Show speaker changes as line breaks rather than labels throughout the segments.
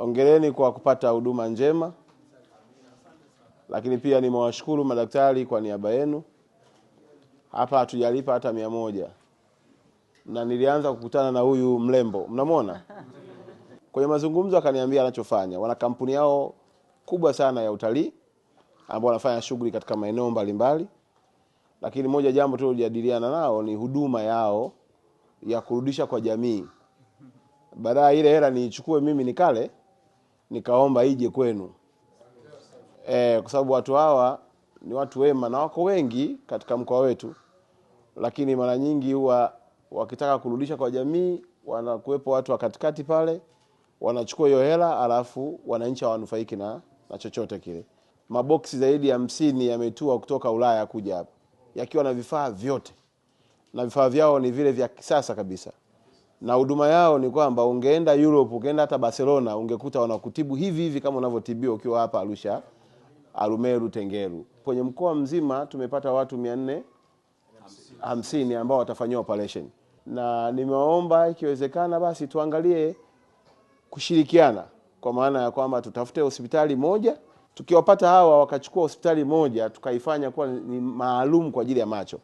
Ongereni kwa kupata huduma njema, lakini pia nimewashukuru madaktari kwa niaba yenu. Hapa hatujalipa hata mia moja, na nilianza kukutana na huyu mrembo, mnamwona kwenye mazungumzo, akaniambia anachofanya. Wana kampuni yao kubwa sana ya utalii ambao wanafanya shughuli katika maeneo mbalimbali, lakini moja jambo tulilojadiliana nao ni huduma yao ya kurudisha kwa jamii. Baadaye ile hela niichukue mimi nikale, nikaomba ije kwenu e, kwa sababu watu hawa ni watu wema na wako wengi katika mkoa wetu, lakini mara nyingi huwa wakitaka kurudisha kwa jamii, wanakuwepo watu wa katikati pale wanachukua hiyo hela, alafu wananchi hawanufaiki na, na chochote kile. Maboksi zaidi ya hamsini yametua kutoka Ulaya kuja hapa yakiwa na vifaa vyote, na vifaa vyao ni vile vya kisasa kabisa na huduma yao ni kwamba ungeenda Europe, ungeenda hata Barcelona, ungekuta wanakutibu hivi hivi kama unavyotibiwa ukiwa hapa Arusha, Arumeru, Tengeru. Kwenye mkoa mzima tumepata watu mia nne hamsini ambao watafanyiwa operation, na nimewaomba ikiwezekana, basi tuangalie kushirikiana kwa maana ya kwamba tutafute hospitali moja, tukiwapata hawa wakachukua hospitali moja tukaifanya kuwa ni maalum kwa ajili ya macho,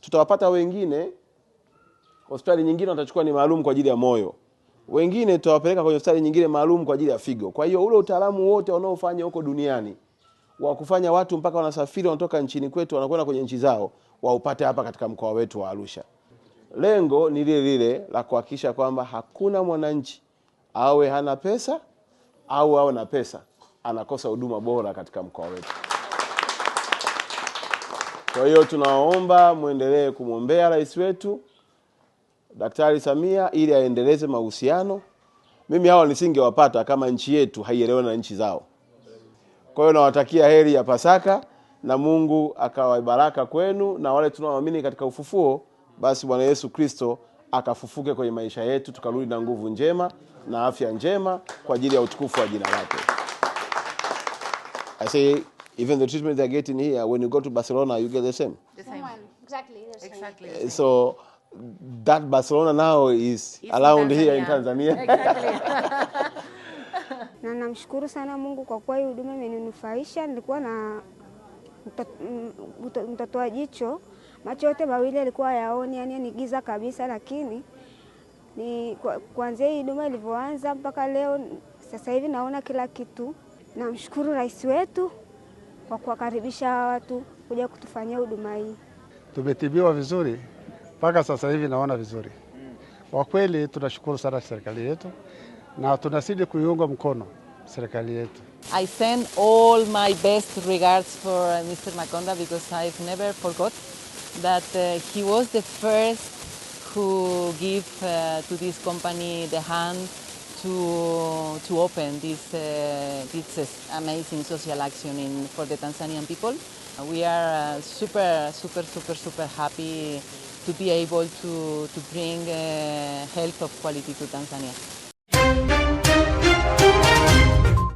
tutawapata wengine hospitali nyingine watachukua ni maalum kwa ajili ya moyo, wengine tutawapeleka kwenye hospitali nyingine maalum kwa ajili ya figo. Kwa hiyo ule utaalamu wote wanaofanya huko duniani wa kufanya watu mpaka wanasafiri wanatoka nchini kwetu wanakwenda kwenye nchi zao waupate hapa katika mkoa wetu wa Arusha. Lengo ni lile lile la kuhakikisha kwamba hakuna mwananchi awe hana pesa au awe na pesa anakosa huduma bora katika mkoa wetu. Kwa hiyo tunaomba mwendelee kumwombea rais wetu. Daktari Samia ili aendeleze mahusiano. Mimi hawa nisingewapata kama nchi yetu haielewani na nchi zao. Kwa hiyo nawatakia heri ya Pasaka na Mungu baraka kwenu, na wale tunaoamini katika ufufuo, basi Bwana Yesu Kristo akafufuke kwenye maisha yetu, tukarudi na nguvu njema na afya njema kwa ajili ya utukufu wa jina lake.
I say even the treatment they're getting here when you go to Barcelona you get the same.
The same.
Exactly the
same. Exactly eh, So that Barcelona now is It's around Tanzania. here in Tanzania.
Exactly. na namshukuru sana Mungu kwa kuwa hii huduma imeninufaisha. Nilikuwa na mtoto wa jicho, macho yote mawili alikuwa yaoni, yani ni giza kabisa, lakini ni kuanzia hii huduma ilivyoanza mpaka leo sasa hivi naona kila kitu. Namshukuru rais wetu kwa kuwakaribisha hawa watu kuja kutufanyia huduma hii.
Tumetibiwa vizuri. mpaka sasa hivi naona vizuri kwa kweli. Tunashukuru sana serikali yetu na tunazidi kuiunga mkono serikali yetu.
I send all my best regards for uh, Mr. Makonda because I've never forgot that uh, he was the first who give uh, to this company the hand to to open this uh, this uh, amazing social action in for the Tanzanian people. We are uh, super super super super happy to be able to, to bring uh, health of quality to Tanzania.